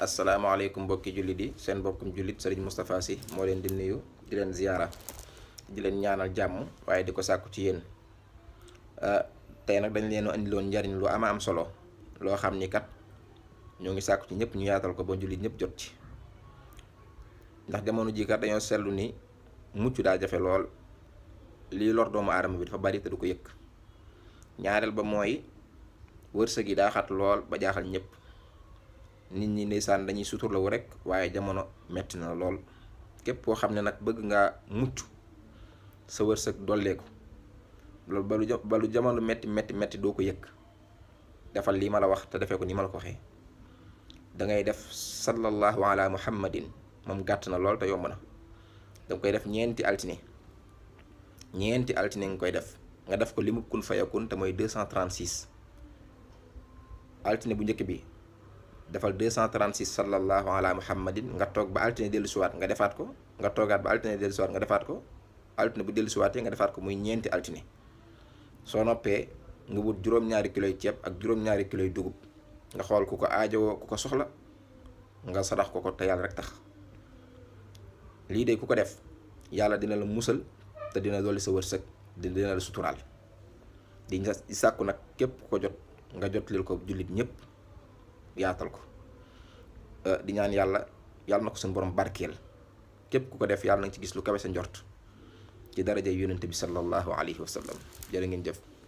asalaamaaleykum mbokki jullit yi seen mbokkum jullit Serigne Moustapha si moo leen di nuyu di leen ziyaara di leen ñaanal jàmm waaye di ko sàkku ci yéen ah, tey nag dañ leen indiloon njariñ lu ama am solo loo xam ni kat ñoo ngi sàkku ci ñëpp ñu yaatal ko ba jullit ñëpp jot ci ndax jamono jii kat dañoo seetlu ni mucc daa jafe lool lii lor doomu aadama bi dafa bari te du ko yëkk ñaareel ba mooy wërsëg yi daa xat lool ba jaaxal ñépp nit ñi ndeysaan dañuy suturlawu rek waaye jamono metti na lool képp koo xam ne nag bëgg ngaa mucc sa wërsëg dolleeku loolu balu balu jamono metti metti metti doo ko yëg defal lii ma la wax te defee ko nii ma la ko waxee da ngay def sallallahu ala muhammadin moom gàtt na lool te yomb na danga koy def ñeenti altine ñeenti altine nga koy def nga def ko li mu kun fayakun te mooy 236 altine bu njëkk bi defal 236 sallallahu ala muhammadin nga toog ba altine dellu siwaat nga defaat ko nga toogaat ba altine dellu siwaat nga defaat ko altine bu dellu siwaatee nga defaat ko muy ñeenti altine soo noppee nga wut juróom-ñaari kiloy ceeb ak juróom-ñaari kiloy dugub nga xool ku ko aajowoo ku ko soxla nga sarax ko ko te yàlla rek tax lii de ku ko def yàlla dina la musal te dina dolli sa wërsëg dina la suturaal di sàkku nag képp ku ko jot nga jot lil ko jullit ñëpp yaatal ko euh, di ñaan yàlla yàlla na ko suñu borom barkeel képp ku ko def yàlla na nga ci gis lu kawe sa njort ci daraja yonente bi sallallahu alayhi wa sallam jërë ngeen jëf